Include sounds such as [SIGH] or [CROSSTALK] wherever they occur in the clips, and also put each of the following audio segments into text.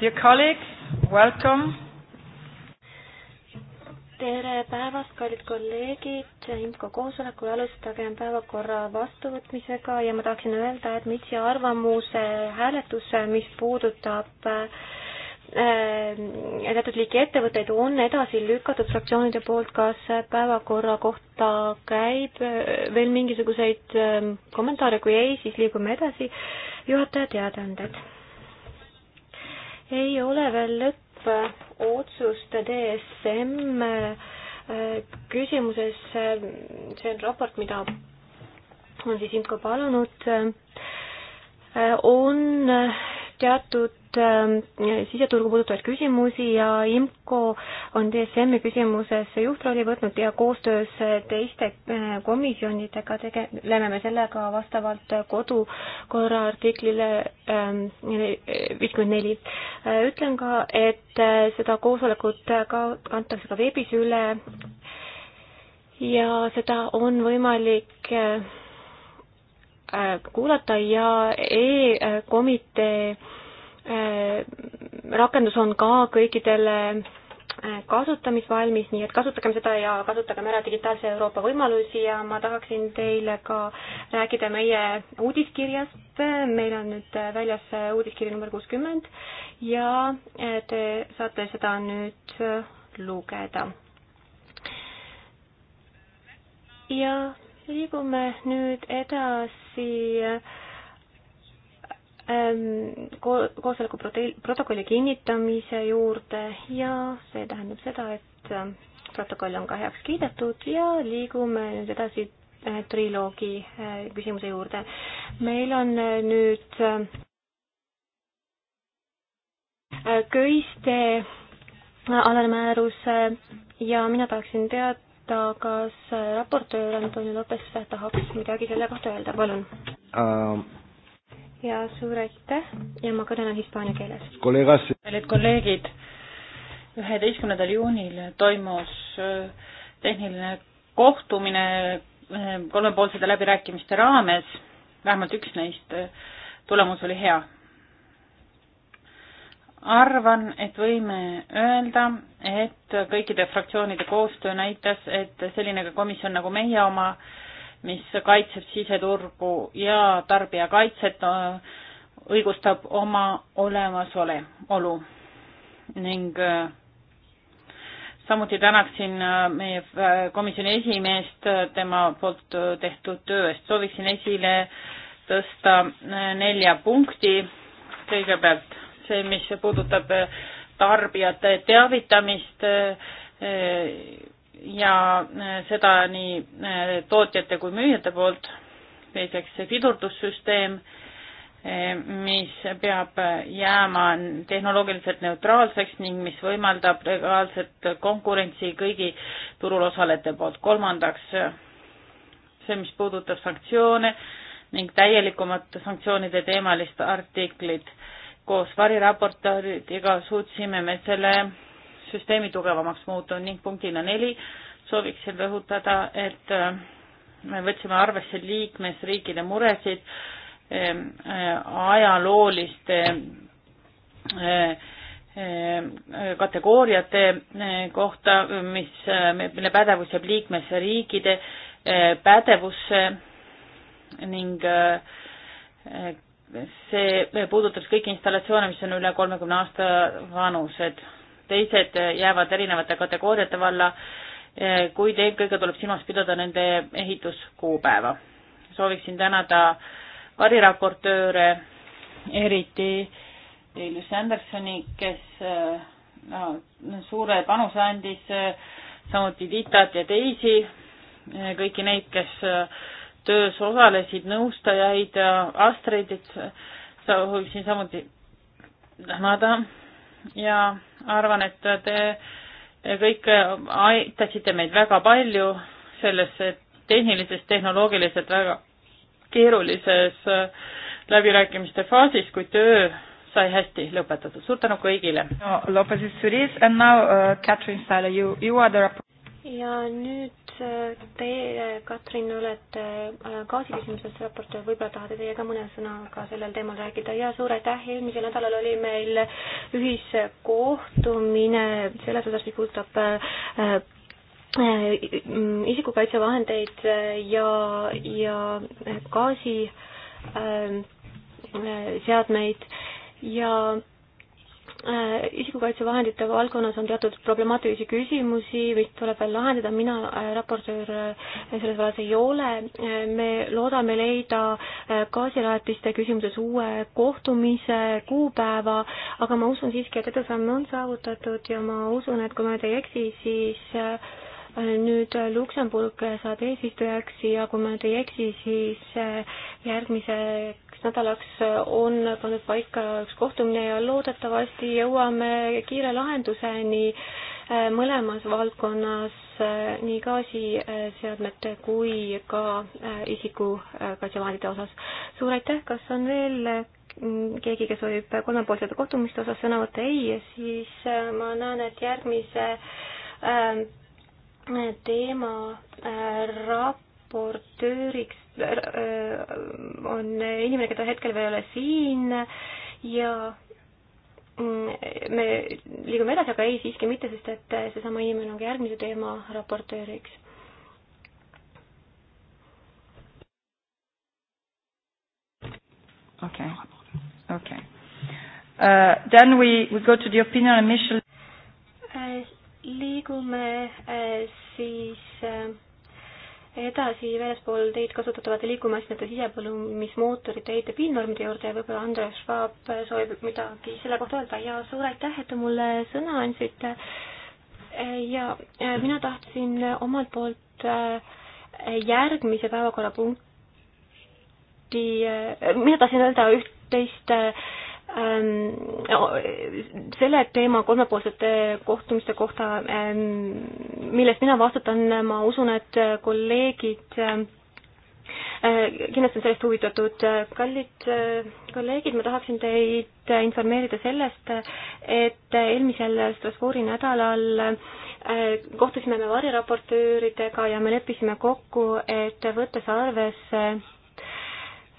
Dear colleagues, welcome. tere päevast, kallid kolleegid, IMCO koosolekul alustagem päevakorra vastuvõtmisega ja ma tahaksin öelda, et Mitsi arvamuse hääletus, mis puudutab äh, teatud liiki ettevõtteid on edasi lükatud fraktsioonide poolt, kas päevakorra kohta käib äh, veel mingisuguseid äh, kommentaare, kui ei, siis liigume edasi. juhataja teadaanded ei ole veel lõppotsust DSM äh, küsimuses, see on raport, mida on siis IMCO palunud, äh, on teatud Ähm, siseturgu puudutavaid küsimusi ja IMCO on DSM-i küsimuses juhtrolli võtnud ja koostöös teiste äh, komisjonidega tegeleme me sellega vastavalt kodukorra artiklile ähm, viiskümmend neli. Äh, ütlen ka, et äh, seda koosolekut ka kantakse ka veebis üle ja seda on võimalik kuulata ja e-komitee Äh, rakendus on ka kõikidele äh, kasutamisvalmis, nii et kasutagem seda ja kasutagem ära digitaalse Euroopa võimalusi ja ma tahaksin teile ka rääkida meie uudiskirjast. meil on nüüd äh, väljas uudiskiri number kuuskümmend ja te saate seda nüüd lugeda. ja liigume nüüd edasi Ähm, koosoleku protokolli kinnitamise juurde ja see tähendab seda, et äh, protokoll on ka heaks kiidetud ja liigume nüüd edasi äh, triloogi äh, küsimuse juurde. meil on nüüd köiste alalmääruse ja mina tahaksin teada, kas raportöör Antonio Lopes tahaks midagi selle kohta öelda, palun um.? ja suur aitäh ja ma kõnelen hispaania keeles. kallid kolleegid, üheteistkümnendal juunil toimus äh, tehniline kohtumine äh, kolmepoolsete läbirääkimiste raames, vähemalt üks neist, äh, tulemus oli hea. arvan, et võime öelda, et kõikide fraktsioonide koostöö näitas, et selline komisjon nagu meie oma äh, mis kaitseb siseturgu ja tarbijakaitset, äh, õigustab oma olemasolu ning äh, samuti tänaksin äh, meie komisjoni esimeest tema poolt tehtud töö eest. sooviksin esile tõsta nelja punkti. kõigepealt see, mis puudutab tarbijate teavitamist ja äh, seda nii äh, tootjate kui müüjate poolt. teiseks see pidurdussüsteem, äh, mis peab jääma tehnoloogiliselt neutraalseks ning mis võimaldab legaalset konkurentsi kõigi turul osalejate poolt. kolmandaks see, mis puudutab sanktsioone ning täielikumat sanktsioonide teemalist artiklit. koos variraportööridega suutsime me selle süsteemi tugevamaks muuta ning punktina neli sooviksin rõhutada, et äh, me võtsime arvesse liikmesriikide muresid ähm, äh, ajalooliste äh, kategooriate kohta, mis, mille pädevus jääb liikmesriikide pädevusse ning see puudutab kõiki installatsioone, mis on üle kolmekümne aasta vanused teised jäävad erinevate kategooriate valla, eh, kuid eelkõige tuleb silmas pidada nende ehituskuupäeva. sooviksin tänada variraportööre, eriti Julius Andersoni, kes eh, no, suure panuse andis, eh, samuti Titat ja teisi, kõiki neid, kes töös osalesid, nõustajaid, Astridit, sooviksin samuti tänada ja arvan, et te kõik aitasite meid väga palju selles tehnilises, tehnoloogiliselt väga keerulises läbirääkimiste faasis, kui töö sai hästi lõpetatud. suur tänu kõigile no,! Uh, ja nüüd teie, Katrin, olete äh, gaasiküsimuses raportöör, võib-olla tahate teie ka mõne sõnaga sellel teemal rääkida ja suur aitäh, eelmisel nädalal oli meil ühiskohtumine selles osas, mis puudutab äh, äh, isikukaitsevahendeid ja, ja gaasiseadmeid ja Äh, isikukaitsevahendite valdkonnas on teatud problemaatilisi küsimusi, mis tuleb veel lahendada, mina äh, raportöör äh, selles vallas ei ole. me loodame leida gaasirajatiste küsimuses uue kohtumise kuupäeva, aga ma usun siiski, et edusamme on saavutatud ja ma usun, et kui ma nüüd ei eksi, siis nüüd Luksemburg saab eesistujaks ja kui ma nüüd ei eksi, siis järgmise järgnevaks nädalaks on pannud paika üks kohtumine ja loodetavasti jõuame kiire lahenduseni äh, mõlemas valdkonnas, äh, nii gaasiseadmete kui ka äh, isikukaitsevahendite osas. suur aitäh, kas on veel mm, keegi, kes soovib kolmepoolsete kohtumiste osas sõna võtta? ei, siis ma näen, et järgmise teema raportööriks Äh, on inimene, keda hetkel veel ei ole siin ja mm, me liigume edasi, aga ei, siiski mitte, sest et seesama inimene on ka järgmise teema raportööriks. okei okay., okei okay. uh,. Then we, we go to the opinion on mission uh,. Äh, liigume uh, siis uh, edasi väljaspool teid kasutatavate liikumasinate sisepõlumismootorite heite piirnormide juurde ja võib-olla Andres Schwab soovib midagi selle kohta öelda ja suur aitäh, et te mulle sõna andsite. ja äh, mina tahtsin omalt poolt äh, järgmise päevakorrapunkti, äh, mina tahtsin öelda üht-teist Ähm, oh, selle teema kolmepoolsete kohtumiste kohta, ähm, millest mina vastutan, ma usun, et kolleegid ähm, äh, kindlasti on sellest huvitatud. kallid äh, kolleegid, ma tahaksin teid informeerida sellest, et eelmisel Strasbourgi nädalal äh, kohtusime me variraportööridega ja me leppisime kokku, et võttes arvesse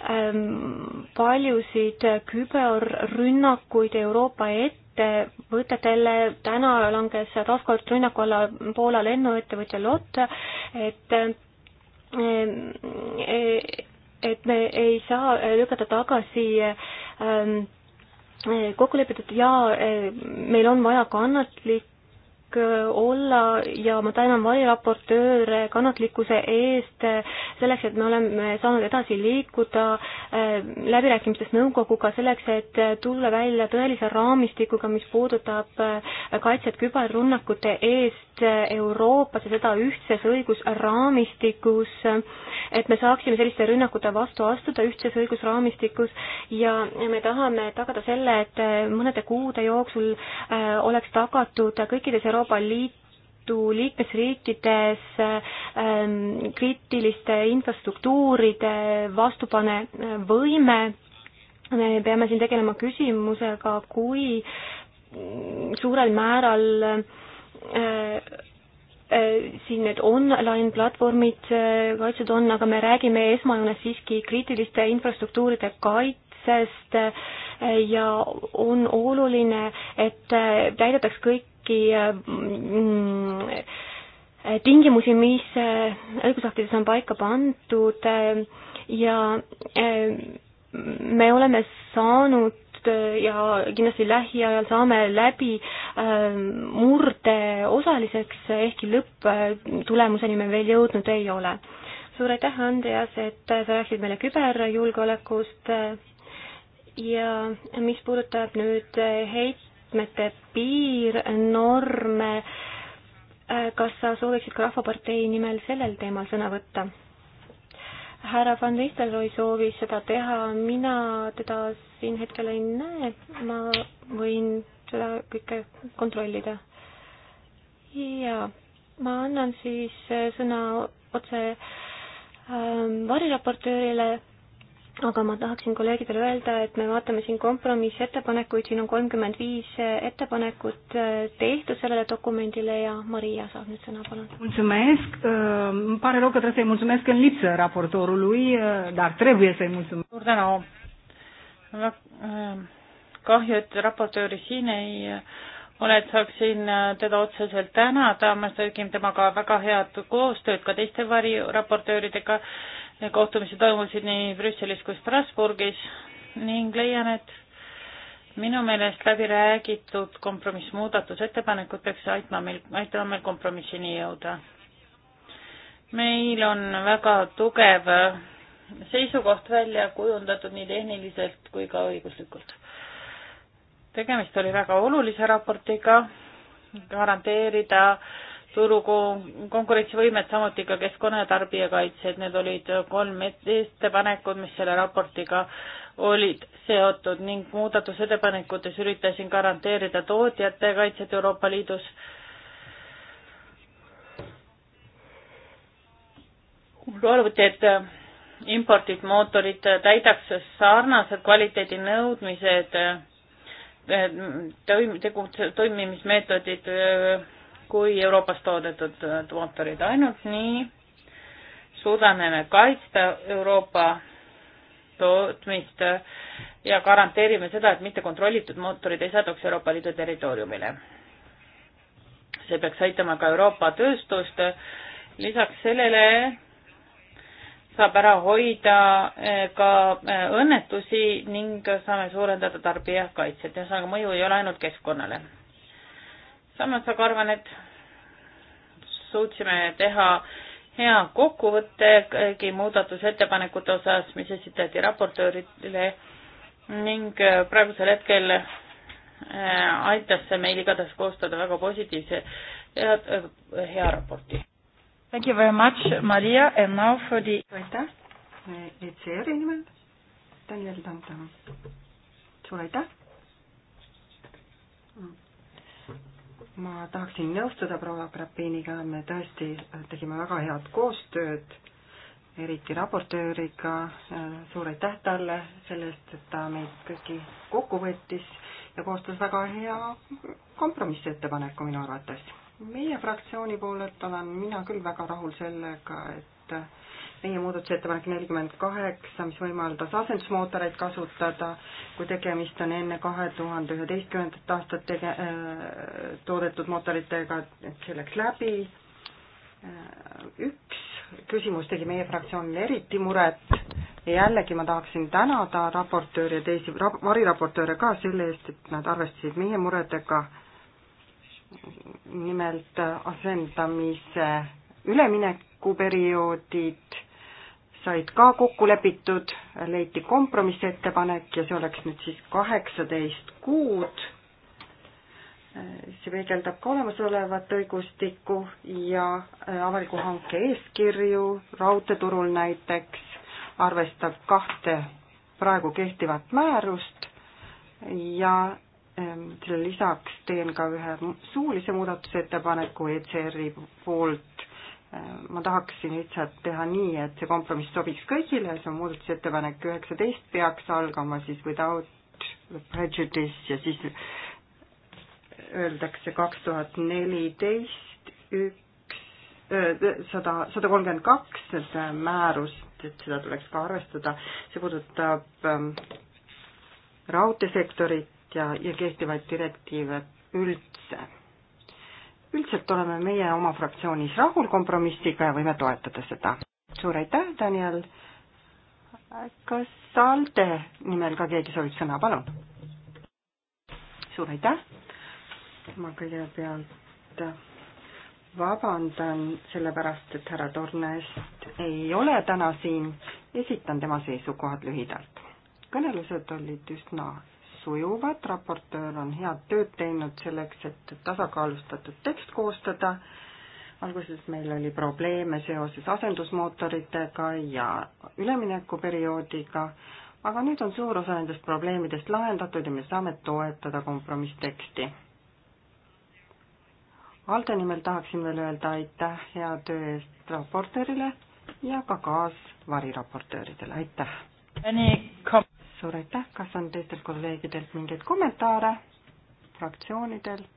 Ähm, paljusid küberrünnakuid Euroopa ettevõtetele, täna langes taaskord rünnaku alla Poola lennuettevõtja Lott, et ähm, e, et me ei saa lükata tagasi ähm, e, kokku lepitud ja e, meil on vaja kannatlik Äh, olla ja ma tänan variraportööre kannatlikkuse eest äh, selleks, et me oleme saanud edasi liikuda äh, läbirääkimistes nõukoguga selleks, et tulla välja tõelise raamistikuga, mis puudutab kaitset küberrünnakute eest Euroopas ja seda ühtses õigusraamistikus, et me saaksime selliste rünnakute vastu astuda ühtses õigusraamistikus ja me tahame tagada selle, et mõnede kuude jooksul äh, oleks tagatud kõikides Euroopa Liit Liidu liikmesriikides ähm, kriitiliste infrastruktuuride vastupanevõime. me peame siin tegelema küsimusega, kui suurel määral äh, Äh, äh, siin need online platvormid äh, kaitsed on, aga me räägime esmajoones siiski kriitiliste infrastruktuuride kaitsest ja on oluline, et täidetaks kõiki mm, tingimusi, mis õigusaktides on paika pandud ja me oleme saanud tegevust ja kindlasti lähiajal saame läbi ähm, murde osaliseks, ehkki lõpptulemuseni me veel jõudnud ei ole. suur aitäh, Andreas, et sa rääkisid meile küberjulgeolekust äh, ja mis puudutab nüüd heitmete piirnorme, äh, kas sa sooviksid ka Rahvapartei nimel sellel teemal sõna võtta? härra Van Nistelrooy soovis seda teha, mina teda siin hetkel ei näe, ma võin seda kõike kontrollida. ja ma annan siis äh, sõna otse ähm, variraportöörile aga ma tahaksin kolleegidele öelda, et me vaatame siin kompromissettepanekuid, siin on kolmkümmend viis ettepanekut äh, tehtud sellele dokumendile ja Maria saab nüüd sõna, palun. mulțumesc, äh, îmi pare rău că trebuie să-i mulțumesc în lipsă raportorului, äh, dar trebuie să-i mulțumesc. suur tänu. kahju, et raportööri siin ei ole, et saaksin teda otseselt tänada, me tegime temaga väga head koostööd ka teiste variraportööridega kohtumised toimusid nii Brüsselis kui Strasbourgis ning leian, et minu meelest läbi räägitud kompromissmuudatusettepanekud peaks aitma meil, aitama meil kompromissini jõuda. meil on väga tugev seisukoht välja kujundatud nii tehniliselt kui ka õiguslikult. tegemist oli väga olulise raportiga, garanteerida äh, turu konkurentsivõimet, samuti ka keskkonna ja tarbijakaitse, et need olid kolm ettepanekut, mis selle raportiga olid seotud ning muudatusettepanekutes üritasin garanteerida tootjate kaitset Euroopa Liidus. mul arvati, et imporditud mootorid täidaks sarnased kvaliteedinõudmised, toimimismeetodid kui Euroopas toodetud äh, mootorid, ainult nii suudame me kaitsta Euroopa tootmist äh, ja garanteerime seda, et mitte kontrollitud mootorid ei satuks Euroopa Liidu territooriumile. see peaks aitama ka Euroopa tööstust. lisaks sellele saab ära hoida äh, ka õnnetusi ning saame suurendada tarbijakaitset, ühesõnaga mõju ei ole ainult keskkonnale samas aga arvan, et suutsime teha hea kokkuvõtte kõigi muudatusettepanekute osas, mis esitati raportöörile ning äh, praegusel hetkel äh, aitas see meil igatahes koostada väga positiivse ja äh, hea raporti. Thank you very much, Maria, and now for the aitäh, ECR-i e nimel Daniel Tantan. suur aitäh ma tahaksin nõustuda proua Grapiniga, me tõesti tegime väga head koostööd, eriti raportööriga, suur aitäh talle selle eest, et ta meid kõiki kokku võttis ja koostas väga hea kompromissettepaneku minu arvates. meie fraktsiooni poolelt olen mina küll väga rahul sellega, et meie muudatusettepanek nelikümmend kaheksa, mis võimaldas asendusmootoreid kasutada, kui tegemist on enne kahe tuhande üheteistkümnendat aastat tege-, äh, toodetud mootoritega, et see läks läbi. Äh, üks küsimus tegi meie fraktsioonile eriti muret ja jällegi ma tahaksin tänada raportööri ja teisi variraportööre ka selle eest, et nad arvestasid meie muredega, nimelt asendamise üleminekuperioodid said ka kokku lepitud, leiti kompromissettepanek ja see oleks nüüd siis kaheksateist kuud. see peegeldab ka olemasolevat õigustikku ja äh, avaliku hanke eeskirju, raudteeturul näiteks arvestab kahte praegu kehtivat määrust ja ähm, selle lisaks teen ka ühe suulise muudatusettepaneku ECR-i poolt ma tahaksin lihtsalt teha nii, et see kompromiss sobiks kõigile, see on muudatusettepanek üheksateist, peaks algama siis without prejudice ja siis öeldakse kaks tuhat neliteist üks äh, sada, sada kolmkümmend kaks, et äh, määrust, et seda tuleks ka arvestada, see puudutab ähm, raudteesektorit ja, ja kehtivaid direktiive üldse üldiselt oleme meie oma fraktsioonis rahul kompromissiga ja võime toetada seda. suur aitäh, Daniel. kas ALDE nimel ka keegi soovib sõna, palun? suur aitäh. ma kõigepealt vabandan sellepärast, et härra Tornest ei ole täna siin, esitan tema seisukohad lühidalt. kõnelused olid üsna sujuvad, raportöör on head tööd teinud selleks, et tasakaalustatud tekst koostada. alguses meil oli probleeme seoses asendusmootoritega ja üleminekuperioodiga, aga nüüd on suur osa nendest probleemidest lahendatud ja me saame toetada kompromissteksti. Alde nimel tahaksin veel öelda aitäh hea töö eest raportöörile ja ka kaasvariraportööridele, aitäh! suur aitäh, kas on teistelt kolleegidelt mingeid kommentaare, fraktsioonidelt?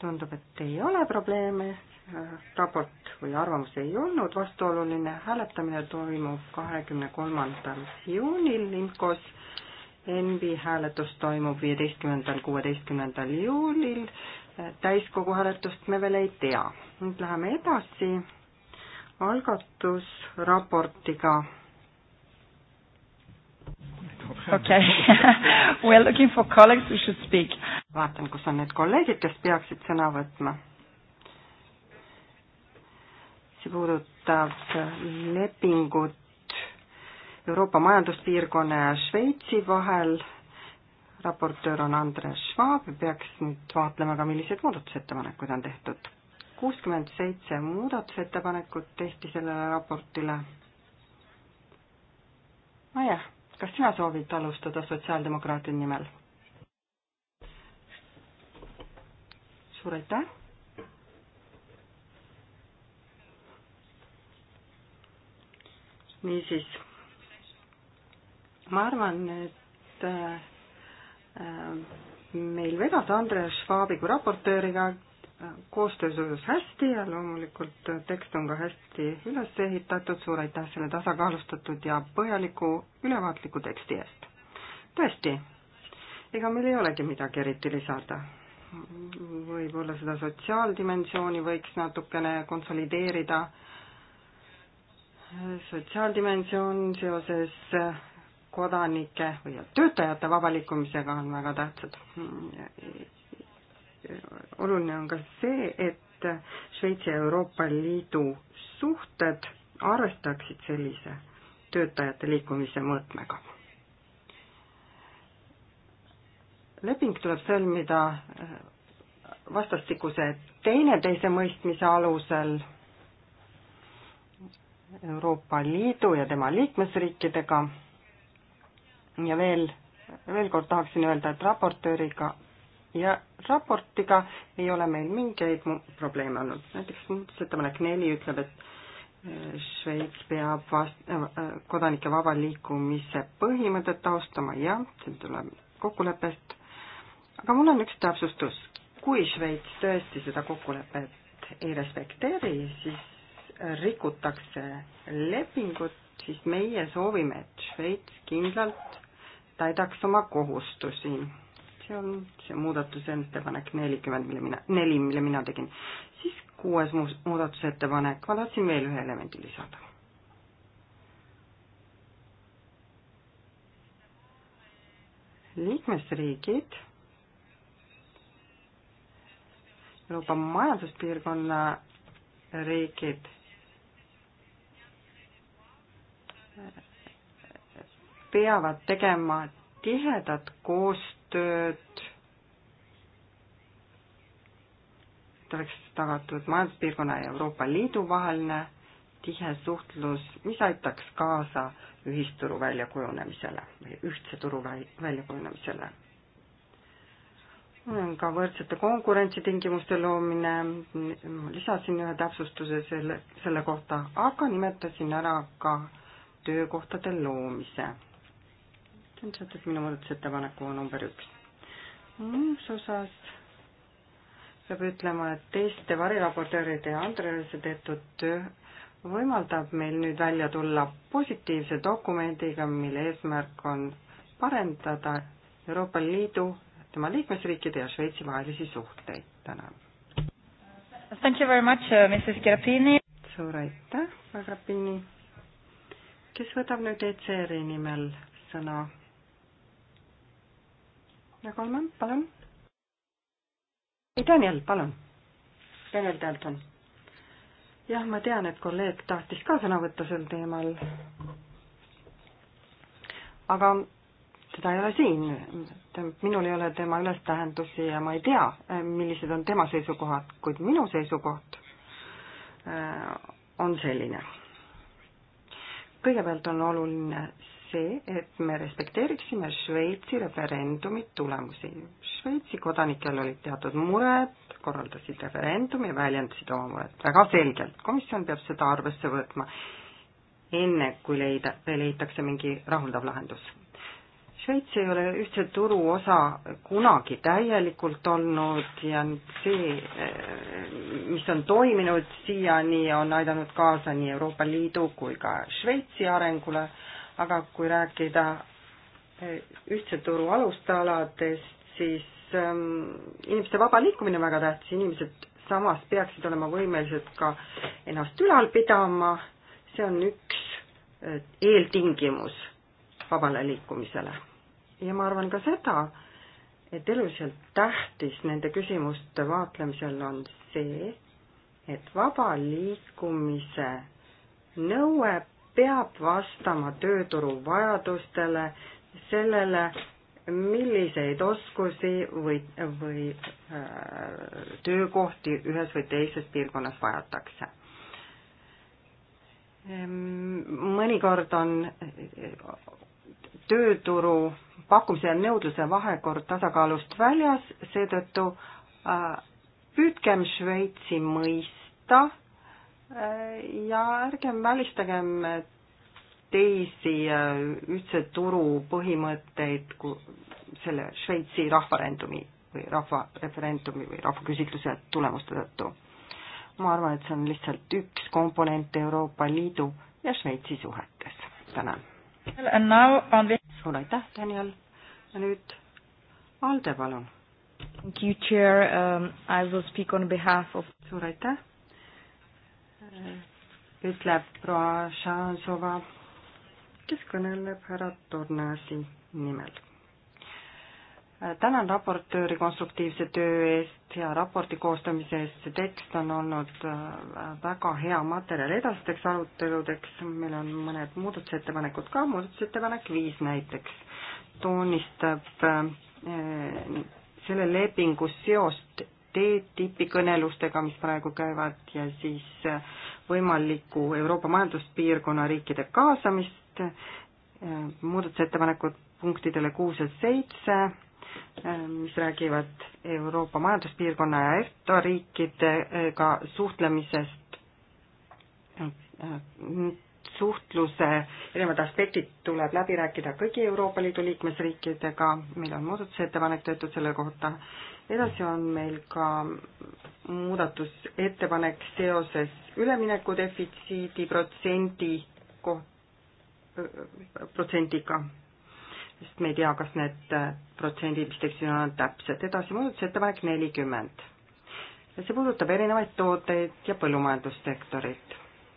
tundub, et ei ole probleeme, raport või arvamus ei olnud vastuoluline, hääletamine toimub kahekümne kolmandal juunil Inkos, NB hääletus toimub viieteistkümnendal, kuueteistkümnendal juulil, täiskogu hääletust me veel ei tea. nüüd läheme edasi algatusraportiga okay. [LAUGHS] we are looking for colleagues who should speak. vaatan, kus on need kolleegid, kes peaksid sõna võtma. see puudutab lepingut Euroopa Majanduspiirkonna ja Šveitsi vahel. raportöör on Andres Švaab ja peaks nüüd vaatlema ka, millised muudatusettepanekud on tehtud. kuuskümmend seitse muudatusettepanekut tehti sellele raportile nojah kas sina soovid alustada sotsiaaldemokraatide nimel? suur aitäh. niisiis, ma arvan, et äh, meil vedas Andres Schwabi kui raportööriga koostöö sujus hästi ja loomulikult tekst on ka hästi üles ehitatud, suur aitäh selle tasakaalustatud ja põhjaliku ülevaatliku teksti eest. tõesti, ega meil ei olegi midagi eriti lisada. võib-olla seda sotsiaaldimensiooni võiks natukene konsolideerida. sotsiaaldimensioon seoses kodanike või töötajate vaba liikumisega on väga tähtsad oluline on ka see, et Šveitsi ja Euroopa Liidu suhted arvestaksid sellise töötajate liikumise mõõtmega. leping tuleb sõlmida vastastikuse teineteise mõistmise alusel Euroopa Liidu ja tema liikmesriikidega ja veel, veel kord tahaksin öelda, et raportööriga ja raportiga ei ole meil mingeid probleeme olnud. näiteks muudatusettepanek neli ütleb, et äh, Šveits peab vast-, äh, äh, kodanike vaba liikumise põhimõtet austama, jah, see tuleb kokkuleppest. aga mul on üks täpsustus. kui Šveits tõesti seda kokkulepet ei respekteeri, siis rikutakse lepingut, siis meie soovime, et Šveits kindlalt täidaks oma kohustusi see on see muudatusettepanek nelikümmend, mille mina, neli, mille mina tegin. siis kuues muudatusettepanek, ma tahtsin veel ühe elemendi lisada. liikmesriigid Euroopa Majanduspiirkonna riigid peavad tegema tihedat koostööd tööd, et oleks tagatud majanduspiirkonna ja Euroopa Liidu vaheline tihe suhtlus, mis aitaks kaasa ühisturu väljakujunemisele või ühtse turu väljakujunemisele. ka võrdsete konkurentsitingimuste loomine, lisasin ühe täpsustuse selle, selle kohta, aga nimetasin ära ka töökohtade loomise see on seotud minu muudatusettepanekuga number üks. muus osas peab ütlema, et teiste variraportööride ja Andrese tehtud töö võimaldab meil nüüd välja tulla positiivse dokumendiga, mille eesmärk on parendada Euroopa Liidu, tema liikmesriikide ja Šveitsi vahelisi suhteid. tänan. Thank you very much uh,, Mrs Grapini. suur aitäh, Grapini. kes võtab nüüd ECR-i nimel sõna? ja kolm, palun. ei, Daniel, palun. Daniel Dalton. jah, ma tean, et kolleeg tahtis ka sõna võtta sel teemal. aga teda ei ole siin, minul ei ole tema ülestähendusi ja ma ei tea, millised on tema seisukohad, kuid minu seisukoht äh, on selline. kõigepealt on oluline see, et me respekteeriksime Šveitsi referendumi tulemusi. Šveitsi kodanikel olid teatud mured, korraldasid referendumi, väljendasid oma muret väga selgelt. komisjon peab seda arvesse võtma enne, kui leida, leitakse mingi rahuldav lahendus. Šveits ei ole ühtse turu osa kunagi täielikult olnud ja see, mis on toiminud siiani, on aidanud kaasa nii Euroopa Liidu kui ka Šveitsi arengule, aga kui rääkida eh, ühtse turu alustaladest, siis ähm, inimeste vaba liikumine on väga tähtis, inimesed samas peaksid olema võimelised ka ennast ülal pidama, see on üks eh, eeltingimus vabale liikumisele. ja ma arvan ka seda, et eluliselt tähtis nende küsimuste vaatlemisel on see, et vaba liikumise nõue peab vastama tööturu vajadustele, sellele, milliseid oskusi või, või äh, töökohti ühes või teises piirkonnas vajatakse. Ehm, mõnikord on äh, tööturu pakkumise ja nõudluse vahekord tasakaalust väljas, seetõttu äh, püüdkem Šveitsi mõista Äh, ja ärgem välistagem teisi äh, ühtse turu põhimõtteid selle Šveitsi rahvarendumi või rahvareferendumi või rahvaküsitluse tulemuste tõttu. ma arvan, et see on lihtsalt üks komponent Euroopa Liidu ja Šveitsi suhetes. tänan. suur aitäh, Daniel. ja nüüd Alde, palun. Thank you, chair um,. I will speak on behalf of. suur aitäh ütleb proua Šansova, kes kõneleb härra Tornasi nimel. tänan raportööri konstruktiivse töö eest ja raporti koostamise eest, see tekst on olnud äh, väga hea materjal edasisteks aruteludeks, meil on mõned muudatusettepanekud ka, muudatusettepanek viis näiteks toonistab äh, selle lepingu seost TTIP-i kõnelustega, mis praegu käivad ja siis äh, võimalikku Euroopa Majanduspiirkonna riikide kaasamist, äh, muudatusettepanekud punktidele kuus ja seitse, äh, mis räägivad Euroopa Majanduspiirkonna ja EFTA riikidega suhtlemisest, suhtluse erinevad aspektid tuleb läbi rääkida kõigi Euroopa Liidu liikmesriikidega, meil on muudatusettepanek töötud selle kohta edasi on meil ka muudatusettepanek seoses üleminekudefitsiidi protsendi koht-, protsendiga, sest me ei tea, kas need äh, protsendid, mis tekstil on, on täpsed. edasi muudatusettepanek nelikümmend. see puudutab erinevaid tooteid ja põllumajandussektorit.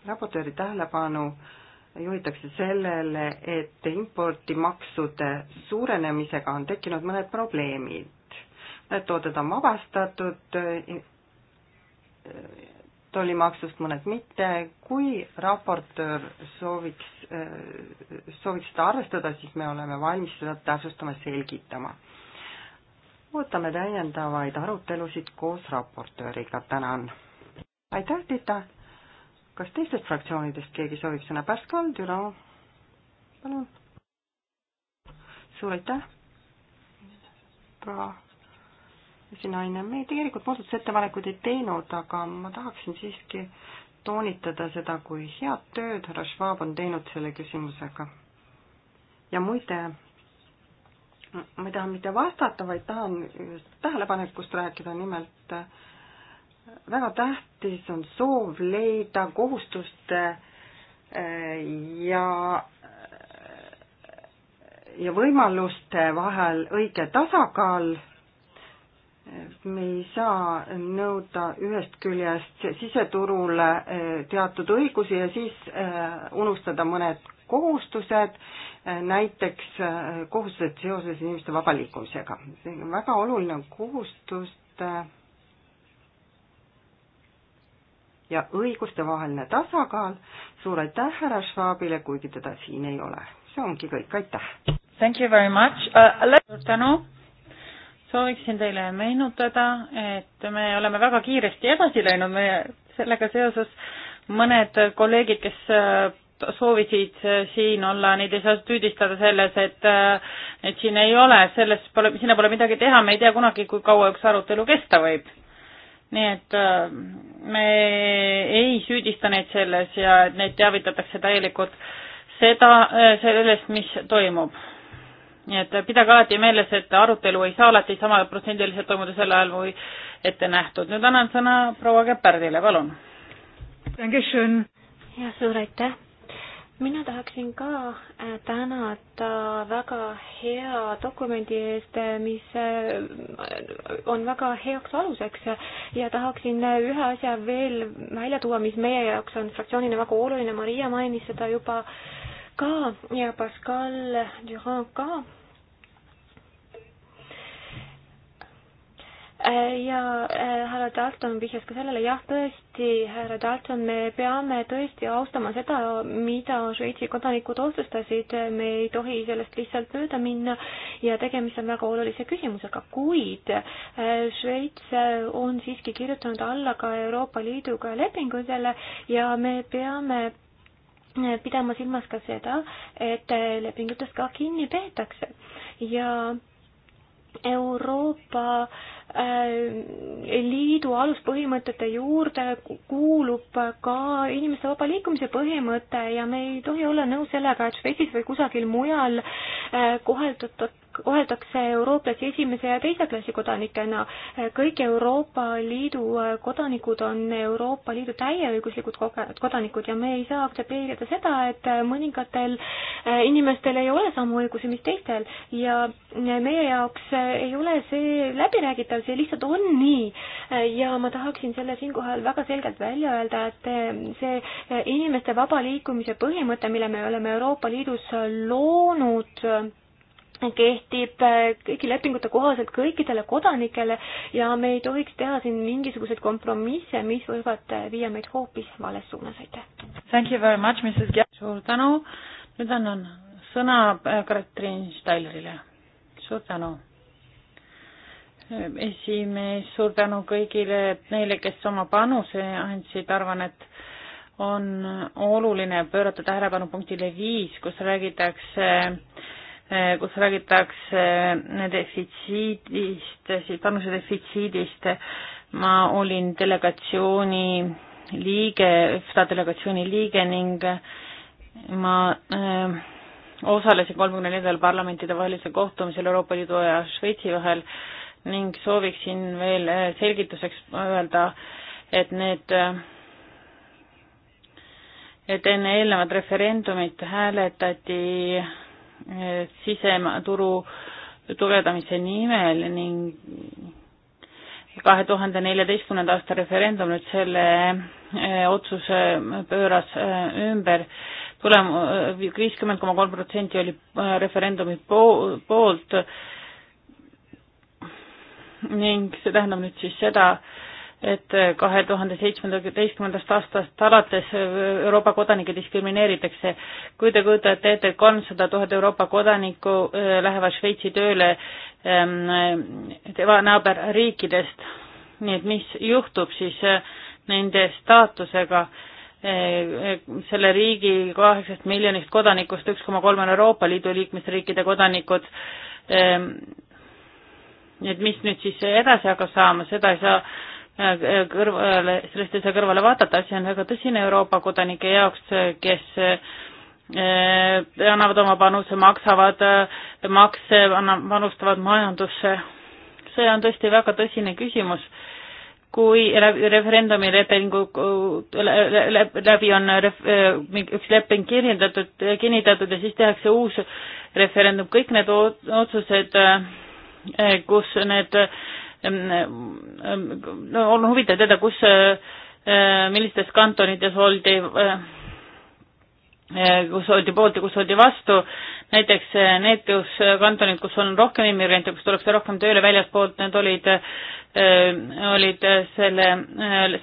raportööri tähelepanu juhitakse sellele, et impordimaksude suurenemisega on tekkinud mõned probleemid tooted on vabastatud tollimaksust, mõned mitte. kui raportöör sooviks, sooviks seda arvestada, siis me oleme valmis seda täpsustama, selgitama. ootame täiendavaid arutelusid koos raportööriga, tänan. aitäh, Tita. kas teistest fraktsioonidest keegi sooviks sõna? Pascal Düro, palun. suur aitäh, proua esinaine, me tegelikult muudatusettepanekuid ei teinud, aga ma tahaksin siiski toonitada seda, kui head tööd härra Schwab on teinud selle küsimusega. ja muide, ma ei taha mitte vastata, vaid tahan just tähelepanekust rääkida, nimelt väga tähtis on soov leida kohustuste äh, ja äh, ja võimaluste vahel õige tasakaal me ei saa nõuda ühest küljest siseturule eh, teatud õigusi ja siis eh, unustada mõned kohustused, eh, näiteks kohustused seoses inimeste vaba liikumisega. see on väga oluline kohustuste ja õiguste vaheline tasakaal. suur aitäh härra Schwabile, kuigi teda siin ei ole. see ongi kõik, aitäh! Thank you very much uh,, suur tänu! sooviksin teile meenutada, et me oleme väga kiiresti edasi läinud, me sellega seoses mõned kolleegid, kes äh, soovisid äh, siin olla, neid ei saa süüdistada selles, et, äh, et siin ei ole, selles pole, sinna pole midagi teha, me ei tea kunagi, kui kaua üks arutelu kesta võib. nii et me ei süüdista neid selles ja et neid teavitatakse täielikult seda, sellest, mis toimub nii et pidage alati meeles, et arutelu ei saa alati samaprotsendiliselt toimuda sel ajal kui ette nähtud. nüüd annan sõna proua Käpardile, palun. ja suur aitäh. mina tahaksin ka äh, tänada väga hea dokumendi eest, äh, mis äh, on väga heaks aluseks ja tahaksin ühe asja veel välja tuua, mis meie jaoks on fraktsioonina väga oluline, Maria mainis seda juba äh, ka ja Pascal Durand ka. Äh, ja äh, härra Dalton vihjas ka sellele, jah, tõesti, härra Dalton, me peame tõesti austama seda, mida Šveitsi kodanikud otsustasid, me ei tohi sellest lihtsalt mööda minna ja tegemist on väga olulise küsimusega, kuid äh, Šveits on siiski kirjutanud alla ka Euroopa Liiduga lepingutele ja me peame pidama silmas ka seda, et lepingutest ka kinni peetakse ja Euroopa äh, Liidu aluspõhimõtete juurde kuulub ka inimeste vaba liikumise põhimõte ja me ei tohi olla nõus sellega, et Šveitsis või kusagil mujal äh, koheldatud koheldakse eurooplasi esimese ja teise klassi kodanikena. kõik Euroopa Liidu kodanikud on Euroopa Liidu täieõiguslikud kodanikud ja me ei saa aktsepteerida seda, et mõningatel äh, inimestel ei ole samu õigusi, mis teistel ja meie jaoks ei ole see läbiräägitav, see lihtsalt on nii. ja ma tahaksin selle siinkohal väga selgelt välja öelda, et äh, see äh, inimeste vaba liikumise põhimõte, mille me oleme Euroopa Liidus loonud, kehtib äh, kõigi lepingute kohaselt kõikidele kodanikele ja me ei tohiks teha siin mingisuguseid kompromisse, mis võivad äh, viia meid hoopis vales suunas, aitäh. Thank you very much, Mrs Gerd. suur tänu. nüüd annan sõna äh, Katrin Steilerile. suur tänu. esimees, suur tänu kõigile neile, kes oma panuse andsid, arvan, et on oluline pöörata tähelepanu punktile viis, kus räägitakse äh, Eh, kus räägitakse eh, defitsiidist, siis panuse defitsiidist. ma olin delegatsiooni liige, seda delegatsiooni liige ning ma äh, osalesin kolmekümne neljandal parlamentidevahelisel kohtumisel Euroopa Liidu ja Šveitsi vahel ning sooviksin veel selgituseks öelda, et need, et enne eelnevat referendumit hääletati äh, siseturu tugevdamise nimel ning kahe tuhande neljateistkümnenda aasta referendum nüüd selle eh, otsuse eh, pööras eh, ümber tulem-, viiskümmend koma kolm protsenti oli referendumi po-, poolt ning see tähendab nüüd siis seda, et kahe tuhande seitsmeteistkümnendast aastast alates Euroopa kodanikke diskrimineeritakse. kui te kujutate ette, et kolmsada tuhat Euroopa kodanikku äh, lähevad Šveitsi tööle tema ähm, äh, naaberriikidest, nii et mis juhtub siis äh, nende staatusega, selle riigi kaheksast miljonist kodanikust üks koma kolm on Euroopa Liidu liikmesriikide kodanikud, ähm, et mis nüüd siis edasi hakkab saama, seda ei saa kõrvale, sellest ei saa kõrvale vaadata, asi on väga tõsine Euroopa kodanike jaoks, kes eh, annavad oma panuse, maksavad eh, makse, panustavad majandusse. see on tõesti väga tõsine küsimus. kui referendumi lepingu läbi on ref, eh, üks leping kirjeldatud, kinnitatud ja siis tehakse uus referendum, kõik need otsused, kus need no on huvitav teada, kus, äh, äh, millistes kantonites oldi, äh, kus oldi poolt ja kus oldi vastu, näiteks need, kus kantonid, kus on rohkem immigrante, kus tullakse rohkem tööle väljaspoolt, need olid, olid selle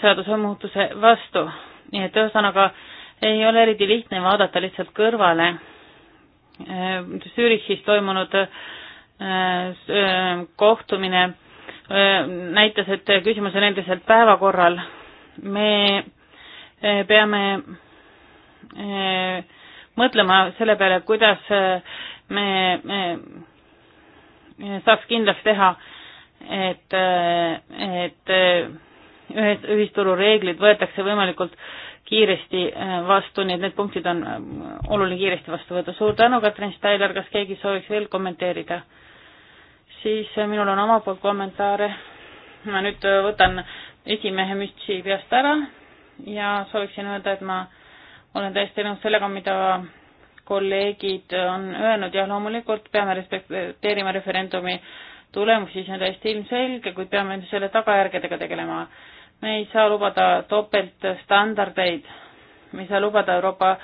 seadusemuutuse vastu. nii et ühesõnaga ei ole eriti lihtne vaadata lihtsalt kõrvale Zürichis toimunud kohtumine näitas, et küsimus on endiselt päevakorral. me eh, peame eh, mõtlema selle peale, kuidas eh, me, me saaks kindlaks teha, et, et ühes, ühisturu reeglid võetakse võimalikult kiiresti vastu, nii et need punktid on oluline kiiresti vastu võtta. suur tänu, Katrin Steiler, kas keegi sooviks veel kommenteerida? siis minul on oma poolt kommentaare. ma nüüd võtan esimehe mütsi peast ära ja sooviksin öelda, et ma olen täiesti nõus sellega, mida kolleegid on öelnud, jah, loomulikult peame respekteerima referendumi tulemusi, see on täiesti ilmselge, kuid peame selle tagajärgedega tegelema. me ei saa lubada topeltstandardeid, me ei saa lubada Euroopa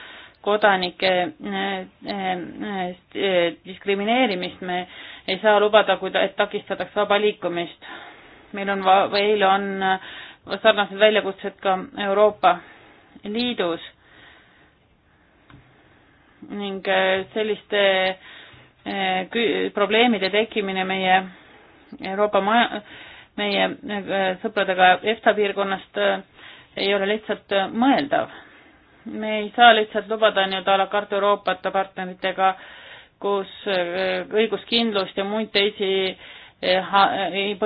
kodanike eh, eh, eh, diskrimineerimist, me ei saa lubada, kui ta, et takistatakse vaba liikumist. meil on, meil on äh, sarnased väljakutsed ka Euroopa Liidus ning äh, selliste äh, probleemide tekkimine meie Euroopa maja, meie sõpradega EFTA piirkonnast ei ole lihtsalt mõeldav. me ei saa lihtsalt lubada nii-öelda a la carte Euroopat partneritega äh, kus äh, õiguskindlust ja muid teisi äh,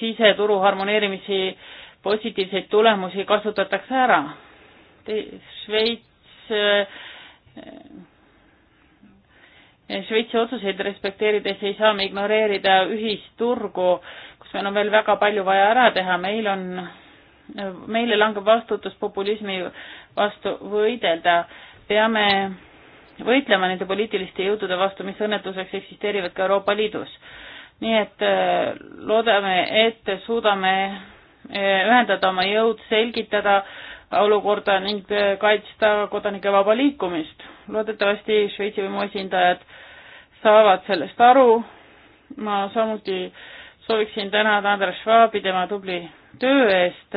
siseturu harmoneerimisi positiivseid tulemusi kasutatakse ära. Šveits, äh, Šveitsi otsuseid respekteerides ei saa me ignoreerida ühisturgu, kus meil on veel väga palju vaja ära teha, meil on, meile langeb vastutus populismi vastu võidelda, peame võitlema nende poliitiliste jõudude vastu, mis õnnetuseks eksisteerivad ka Euroopa Liidus. nii et äh, loodame, et suudame äh, ühendada oma jõud, selgitada olukorda ning äh, kaitsta kodanike vaba liikumist. loodetavasti Šveitsi võimu esindajad saavad sellest aru. ma samuti sooviksin tänada Andres Schwabi tema tubli töö eest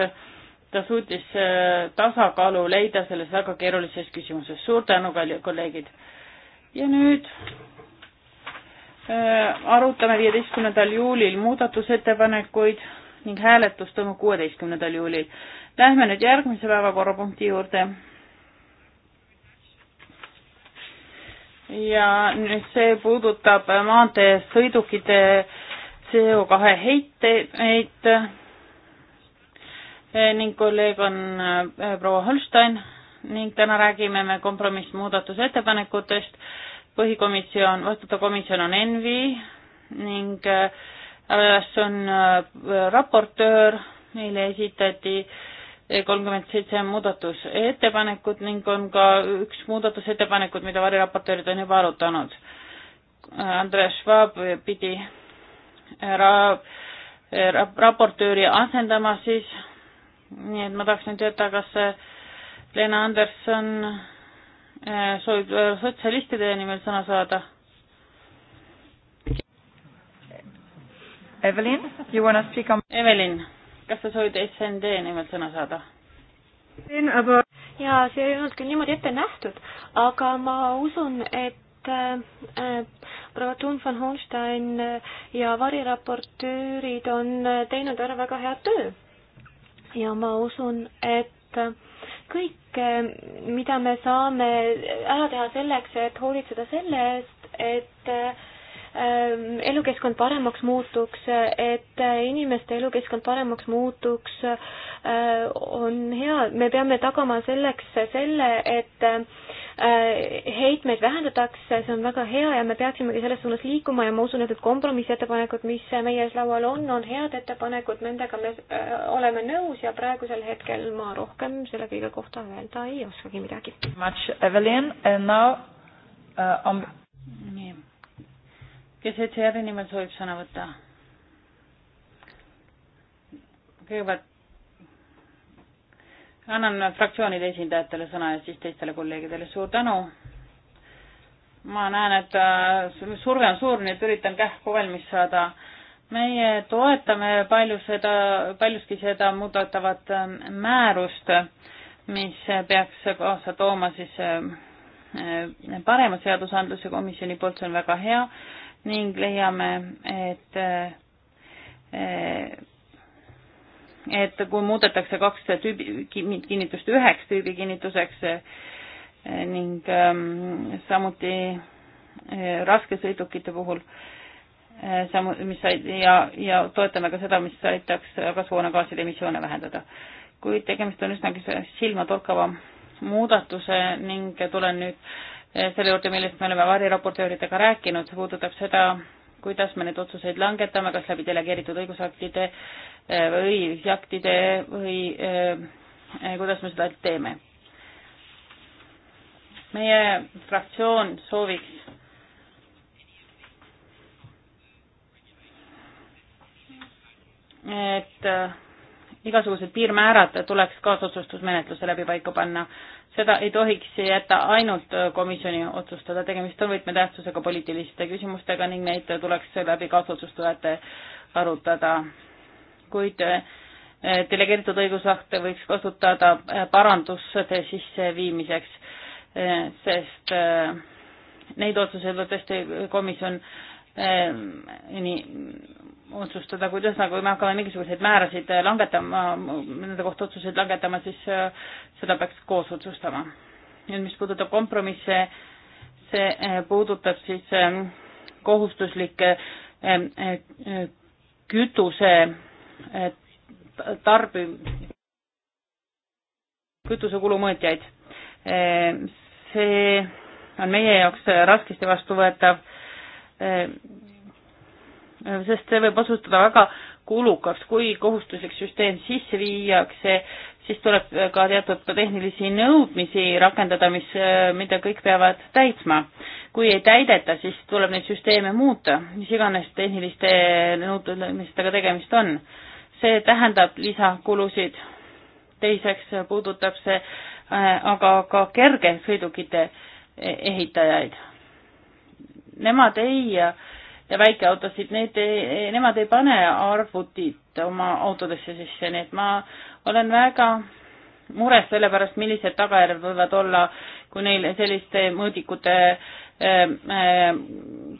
ta suutis äh, tasakaalu leida selles väga keerulises küsimuses. suur tänu, kallid kolleegid. ja nüüd äh, arutame viieteistkümnendal juulil muudatusettepanekuid ning hääletus toimub kuueteistkümnendal juulil. Lähme nüüd järgmise päevakorrapunkti juurde. ja nüüd see puudutab maanteesõidukite CO2 heiteid Eh, ning kolleeg on eh, proua Holstein ning täna räägime me kompromissmuudatuse ettepanekutest. põhikomisjon, vastutav komisjon on ENVI ning eh, alles on raportöör, meile esitati kolmkümmend seitse muudatusettepanekut ning on ka üks muudatusettepanekud, mida variraportöörid on juba arutanud. Andres Schwab pidi ra-, raportööri asendama siis nii et ma tahaksin teada, kas Lena Anderson äh, soovib äh, sotsialistide nimel sõna saada. Evelyn, you wanna speak on? Evelyn, kas sa soovid SND nimel sõna saada? ja see ei olnud küll niimoodi ette nähtud, aga ma usun, et äh, proua Thun von Holstein ja variraportöörid on teinud ära väga head töö ja ma usun, et kõik, mida me saame ära teha selleks, et hoolitseda selle eest, et ähm, elukeskkond paremaks muutuks, et inimeste elukeskkond paremaks muutuks, äh, on hea, me peame tagama selleks selle, et Äh, heitmeid vähendatakse, see on väga hea ja me peaksimegi selles suunas liikuma ja ma usun, et need kompromissettepanekud, mis meie ees laual on, on head ettepanekud, nendega me äh, oleme nõus ja praegusel hetkel ma rohkem selle kõige kohta öelda ei oskagi midagi. Much Evelyn and now uh, on... nii, kes ETR-i nimel soovib sõna võtta? kõigepealt annan fraktsioonide esindajatele sõna ja siis teistele kolleegidele suur tänu. ma näen, et äh, surve on suur, nii et üritan kähku valmis saada. meie toetame palju seda, paljuski seda muudetavat äh, määrust, mis peaks kaasa tooma siis äh, parema seadusandluse komisjoni poolt, see on väga hea ning leiame, et et kui muudetakse kaks tüübi kinnitust üheks tüübi kinnituseks eh, ning ehm, samuti eh, raskesõidukite puhul eh, samu-, mis sai- ja, ja toetame ka seda, mis aitaks kasvuhoonegaaside emissioone vähendada. kuid tegemist on üsnagi silmatorkava muudatuse ning tulen nüüd selle juurde, millest me oleme variraportööridega rääkinud, see puudutab seda, kuidas me neid otsuseid langetame, kas läbi delegeeritud õigusaktide äh, või õigusaktide või äh, äh, kuidas me seda teeme. meie fraktsioon sooviks et igasugused piirmäärad tuleks kaasotsustusmenetluse läbi paika panna äh, seda ei tohiks jätta ainult komisjoni otsustada, tegemist on võtmetähtsusega poliitiliste küsimustega ning neid tuleks läbi kaasotsustajate arutada. kuid eh, delegeeritud õigusakte võiks kasutada eh, paranduste sisseviimiseks, eh, sest neid otsuseid võib tõesti komisjon nii otsustada, kuidas, nagu me hakkame mingisuguseid määrasid langetama, nende kohta otsuseid langetama, siis äh, seda peaks koos otsustama. nüüd, mis puudutab kompromisse, see äh, puudutab siis äh, kohustuslikke kütuse tarbi-, kütusekulu mõõtjaid. see on meie jaoks raskesti vastuvõetav sest see võib osutuda väga kulukaks, kui kohustuslik süsteem sisse viiakse, siis tuleb ka teatud tehnilisi nõudmisi rakendada, mis, mida kõik peavad täitma. kui ei täideta, siis tuleb neid süsteeme muuta, mis iganes tehniliste nõudmistega tegemist on. see tähendab lisakulusid. teiseks puudutab see äh, aga ka kergesõidukite ehitajaid. Nemad ei äh, ja väikeautosid, need, nemad ei pane arvutit oma autodesse sisse, nii et ma olen väga mures selle pärast, millised tagajärjed võivad olla, kui neil selliste mõõdikute ähm, ähm,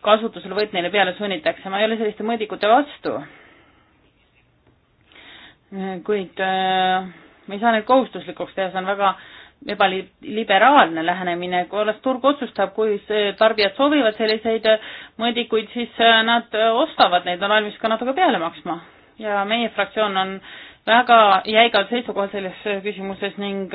kasutusele võt neile peale sunnitakse, ma ei ole selliste mõõdikute vastu. kuid äh, me ei saa neid kohustuslikuks teha, see on väga äh, ebaliberaalne lähenemine, kui alles turg otsustab, kui tarbijad soovivad selliseid mõõdikuid, siis äh, nad äh, ostavad neid, on valmis ka natuke peale maksma. ja meie fraktsioon on väga jäigal seisukohal selles äh, küsimuses ning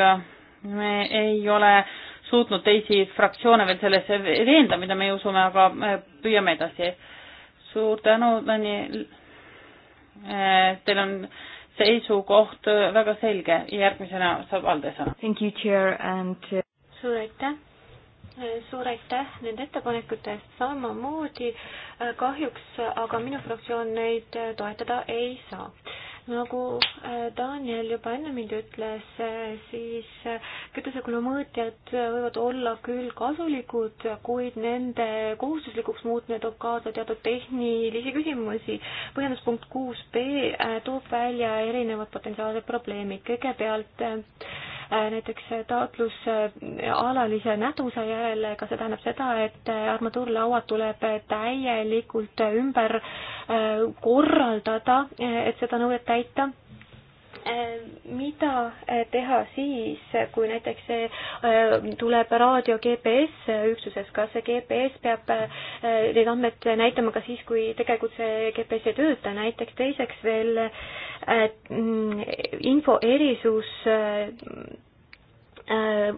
me ei ole suutnud teisi fraktsioone veel sellesse veenda, mida me usume, aga me püüame edasi. suur tänu, Tõni. Teil on seisukoht äh, väga selge. järgmisena saab Alde sõna. And... Uh, suur aitäh äh, suur aitäh nende ettepanekute eest samamoodi. Äh, kahjuks aga minu fraktsioon neid toetada ei saa nagu äh, Daniel juba enne mind ütles, äh, siis äh, kütusekulu mõõtjad võivad olla küll kasulikud, kuid nende kohustuslikuks muutmine toob kaasa teatud tehnilisi küsimusi. põhjenduspunkt kuus B toob välja erinevad potentsiaalsed probleemid. kõigepealt Äh, näiteks äh, taotlus äh, alalise näduse järele, kas see tähendab seda, et armatuurlauad tuleb täielikult ümber korraldada, et seda nõuet täita? mida teha siis, kui näiteks tuleb raadio GPS üksuses, kas see GPS peab neid andmeid näitama ka siis, kui tegelikult see GPS ei tööta, näiteks teiseks veel info erisus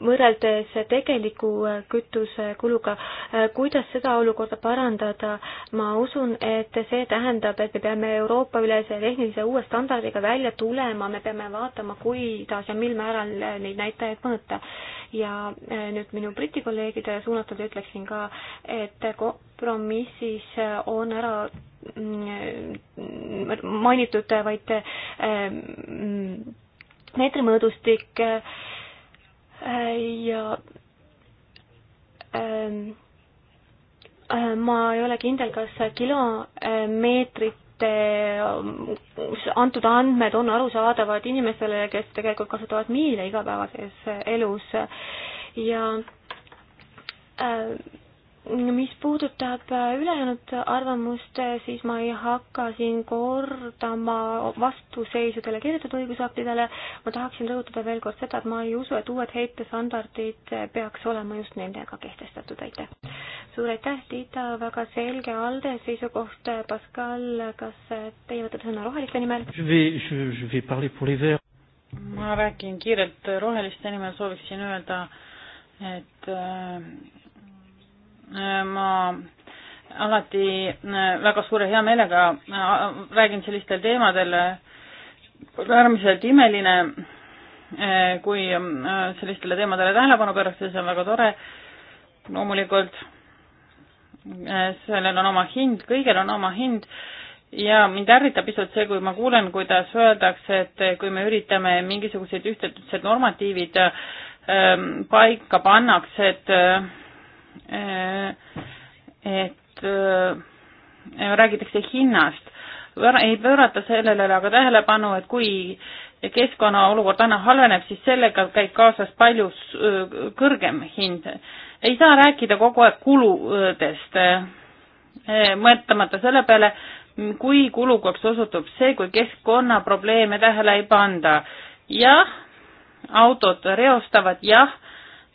võrreldes tegeliku äh, kütusekuluga. Äh, kuidas seda olukorda parandada? ma usun, et see tähendab, et me peame Euroopa-ülese tehnilise uue standardiga välja tulema, me peame vaatama, kuidas ja mil määral neid näitajaid mõõta. ja äh, nüüd minu Briti kolleegidele suunatult ütleksin ka, et kompromissis on ära mm, mainitud vaid mm, meetrimõõdustik ja ähm, äh, ma ei ole kindel, kas kilomeetrite antud andmed on arusaadavad inimestele, kes tegelikult kasutavad miile igapäevases elus ja äh, mis puudutab äh, ülejäänud arvamust, äh, siis ma ei hakka siin kordama vastuseisudele kirjutatud õigusaktidele, ma tahaksin rõhutada veel kord seda, et ma ei usu, et uued heitestandardid äh, peaks olema just nendega kehtestatud, aitäh. suur aitäh, Tiita, väga selge ALDE seisukoht, Pascal, kas teie võtate sõna roheliste nimel? ma räägin kiirelt roheliste nimel, sooviksin öelda, et äh, ma alati äh, väga suure heameelega äh, räägin sellistel teemadel. äärmiselt imeline, äh, kui sellistele teemadele tähelepanu pööratakse, see on väga tore. loomulikult sellel on oma hind, kõigel on oma hind ja mind ärritab pisut see, kui ma kuulen, kuidas öeldakse, et kui me üritame mingisugused ühtedused normatiivid paika pannakse, et Äh, et äh, räägitakse hinnast, ei pöörata sellele aga tähelepanu, et kui keskkonna olukord aina halveneb, siis sellega käib kaasas palju äh, kõrgem hind. ei saa rääkida kogu aeg kuludest, mõtlemata selle peale, kui kulukaks osutub see, kui keskkonnaprobleeme tähele ei panda. jah, autod reostavad, jah,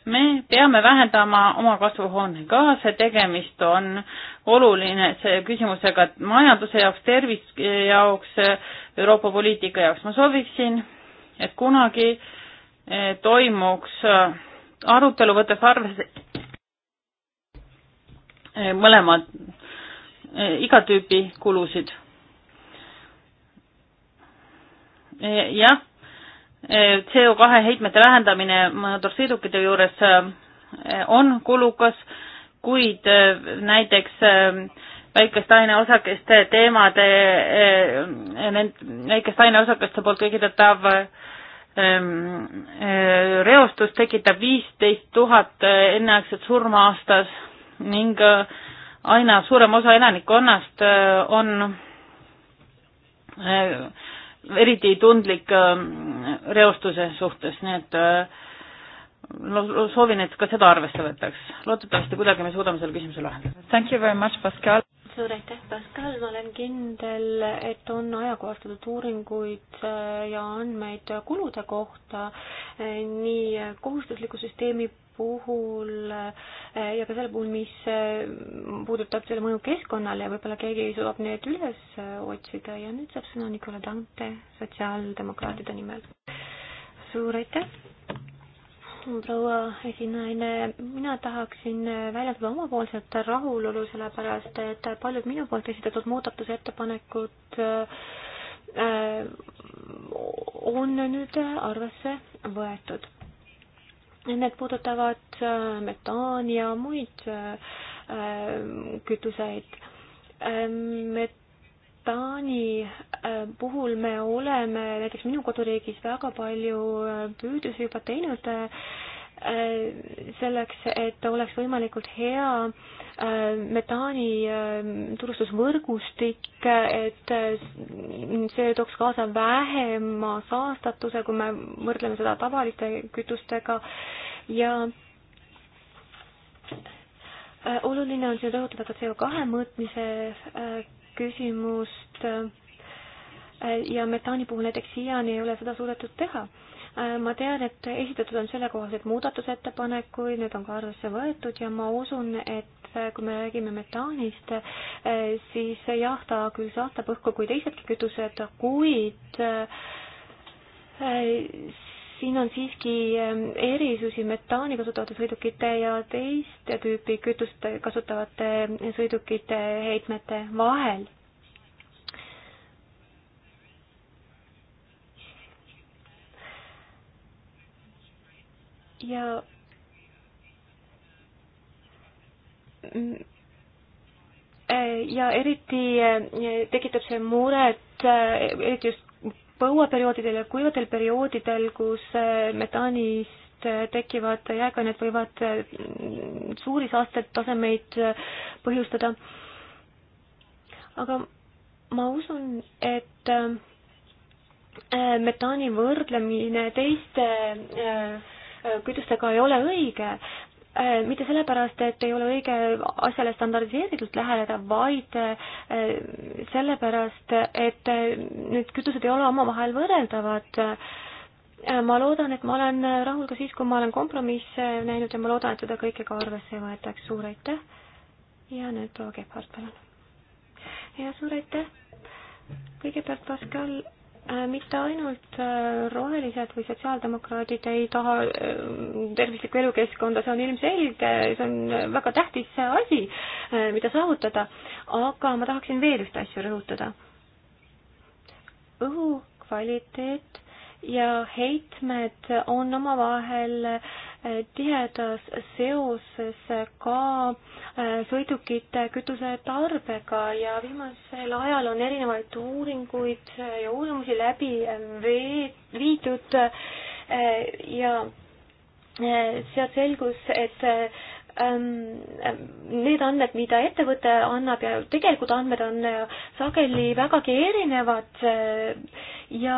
me peame vähendama oma kasvuhoonegaase, tegemist on oluline see küsimusega majanduse jaoks, tervise jaoks, Euroopa poliitika jaoks. ma sooviksin, et kunagi eh, toimuks eh, arutelu, võttes arvesse eh, mõlemad, iga tüüpi kulusid. jah CO2 heitmete vähendamine mootorsõidukite juures äh, on kulukas, kuid äh, näiteks äh, väikeste aineosakeste teemade, väikeste aineosakeste poolt tekitatav ähm, reostus tekitab viisteist tuhat enneaegset surma aastas ning aina suurem osa elanikkonnast on eriti tundlik ähm, reostuse suhtes, nii et äh, no soovin, et ka seda arvesse võtaks. loodetavasti kuidagi me suudame selle küsimuse lahendada. Thank you very much, Pascal. suur aitäh, Pascal, ma olen kindel, et on ajakohastatud uuringuid äh, ja andmeid kulude kohta nii kohustusliku süsteemi puhul eh, ja ka selle puhul, mis eh, puudutab selle mõju keskkonnale ja võib-olla keegi suudab need üles eh, otsida ja nüüd saab sõna Nicola Dante sotsiaaldemokraatide nimel. suur aitäh, proua esinaine, mina tahaksin väljendada omapoolset rahulolu, sellepärast et paljud minu poolt esitatud muudatusettepanekud on nüüd arvesse võetud Need puudutavad äh, metaani ja muid äh, kütuseid. Ähm, metaani äh, puhul me oleme näiteks minu koduriigis väga palju püüdlusi juba teinud selleks, et oleks võimalikult hea äh, metaani ähm, turustusvõrgustik, et äh, see tooks kaasa vähema saastatuse, kui me võrdleme seda tavaliste kütustega ja äh, oluline on siin rõhutada ka CO2 mõõtmise äh, küsimust ja metaani puhul näiteks siiani ei ole seda suudetud teha Äh, ma tean, et esitatud on sellekohased muudatusettepanekuid, need on ka arvesse võetud ja ma usun, et äh, kui me räägime metaanist, äh, siis jah, ta küll saastab õhku kui teisedki kütused, kuid siin on siiski ähm, erisusi metaani kasutavate sõidukite ja teist tüüpi kütust kasutavate sõidukite heitmete vahel ja äh, ja eriti äh, tekitab see muret äh, eriti just põuaperioodidel ja kuivadel perioodidel, kus metaanist tekivad jääkained võivad suuri saastetasemeid põhjustada. aga ma usun, et metaani võrdlemine teiste äh, kütustega ei ole õige, äh, mitte sellepärast, et ei ole õige asjale standardiseeritult läheneda, vaid äh, sellepärast, et äh, need kütused ei ole omavahel võrreldavad. ma loodan, et ma olen rahul ka siis, kui ma olen kompromisse näinud ja ma loodan, et seda kõike ka arvesse võetakse. suur aitäh! ja nüüd proua Gebhard, palun. ja suur aitäh! kõigepealt Pascal Äh, mitte ainult äh, rohelised või sotsiaaldemokraadid ei taha äh, tervislikku elukeskkonda, see on ilmselge, see on väga tähtis asi, mida saavutada, aga ma tahaksin veel ühte asja rõhutada. õhu kvaliteet ja heitmed on omavahel äh, tihedas seoses ka äh, sõidukite kütusetarbega ja viimasel ajal on erinevaid uuringuid äh, ja uurimusi läbi äh, viidud ja sealt selgus, et ähm, need andmed, mida ettevõte annab ja tegelikud andmed on sageli vägagi erinevad ja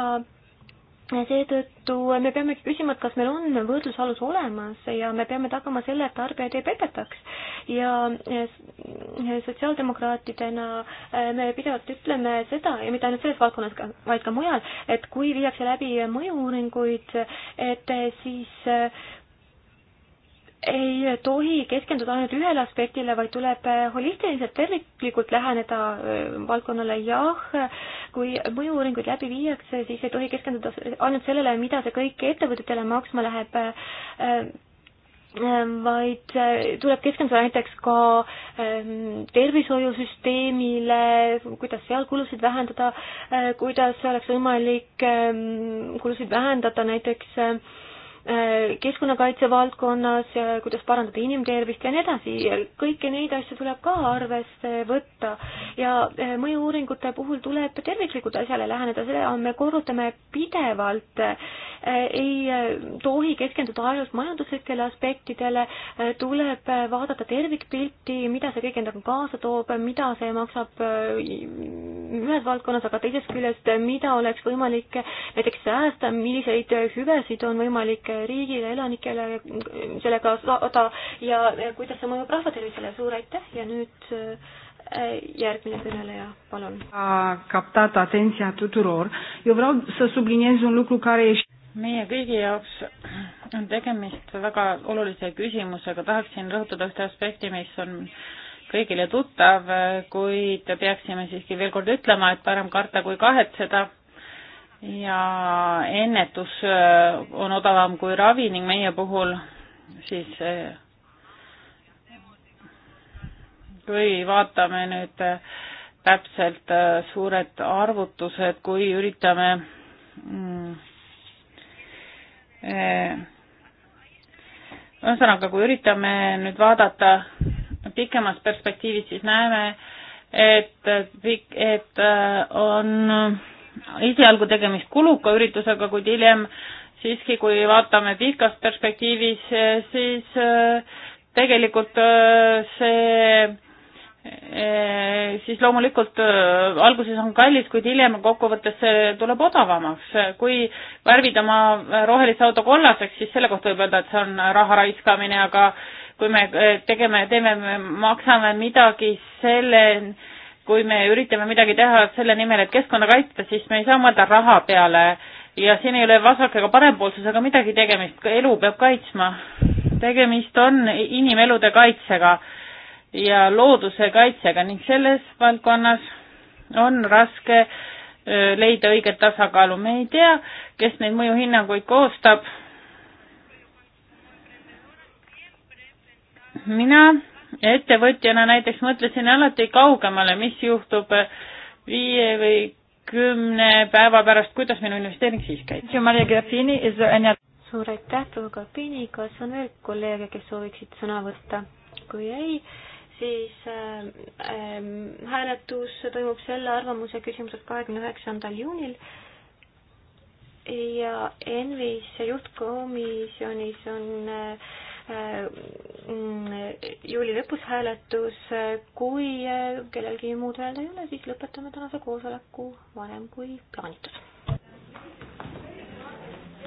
seetõttu me peamegi küsima, et kas meil on võrdlusalus olemas ja me peame tagama selle, et tarbijaid ei petetaks. ja sotsiaaldemokraatidena äh, me pidevalt ütleme seda ja mitte ainult selles valdkonnas, vaid ka mujal, et kui viiakse läbi mõju-uuringuid, et siis äh, ei tohi keskenduda ainult ühele aspektile, vaid tuleb eh, holistiliselt terviklikult läheneda eh, valdkonnale. jah, kui mõju-uuringuid läbi viiakse, siis ei tohi keskenduda ainult sellele, mida see kõik ettevõtetele maksma läheb, eh, vaid tuleb keskenduda näiteks ka tervishoiusüsteemile, kuidas seal kulusid vähendada, kuidas oleks võimalik kulusid vähendada näiteks Äh, keskkonnakaitse valdkonnas, äh, kuidas parandada inimtervist ja nii edasi, kõiki neid asju tuleb ka arvesse võtta ja äh, mõju-uuringute puhul tuleb terviklikult asjale läheneda, seda me korrutame pidevalt, ei tohi keskenduda ainult majanduslikele aspektidele, tuleb vaadata tervikpilti, mida see kõik endaga kaasa toob, mida see maksab ühes valdkonnas, aga teisest küljest, mida oleks võimalik näiteks säästa, milliseid hüvesid on võimalik riigile, elanikele sellega saada ja kuidas see mõjub rahvatervisele, suur aitäh ja nüüd äh, järgmine kõneleja, palun. Captat atenția tuturor. Eu vreau să subliniez un lucru care ești meie kõigi jaoks on tegemist väga olulise küsimusega, tahaksin rõhutada ühte aspekti, mis on kõigile tuttav, kuid peaksime siiski veel kord ütlema, et parem karta kui kahetseda ja ennetus äh, on odavam kui ravi ning meie puhul siis äh, kui vaatame nüüd äh, täpselt suured arvutused, kui üritame mm, ühesõnaga, kui üritame nüüd vaadata pikemas perspektiivis, siis näeme, et, et on esialgu tegemist kuluka üritusega, kuid hiljem siiski, kui vaatame pikas perspektiivis, siis äh, tegelikult äh, see äh, siis loomulikult alguses on kallis, kuid hiljem kokkuvõttes see tuleb odavamaks. kui värvid oma rohelise auto kollaseks, siis selle kohta võib öelda, et see on raha raiskamine, aga kui me tegeme, teeme, maksame midagi selle kui me üritame midagi teha selle nimel, et keskkonda kaitsta, siis me ei saa mõelda raha peale ja siin ei ole vasak- ega parempoolsusega midagi tegemist, elu peab kaitsma. tegemist on inimelude kaitsega ja looduse kaitsega ning selles valdkonnas on raske leida õiget tasakaalu, me ei tea, kes neid mõjuhinnanguid koostab. mina ettevõtjana näiteks mõtlesin alati kaugemale, mis juhtub viie või kümne päeva pärast, kuidas minu investeering siis käib. suur aitäh, proua Grafini, kas on veel kolleege, kes sooviksid sõna võtta? kui ei, siis äh, äh, hääletus toimub selle arvamuse küsimuses kahekümne üheksandal juunil ja ENVis juhtkomisjonis on äh, Äh, mm, juuli lõpus hääletus. kui äh, kellelgi muud öelda ei ole, siis lõpetame tänase koosoleku varem kui plaanitud.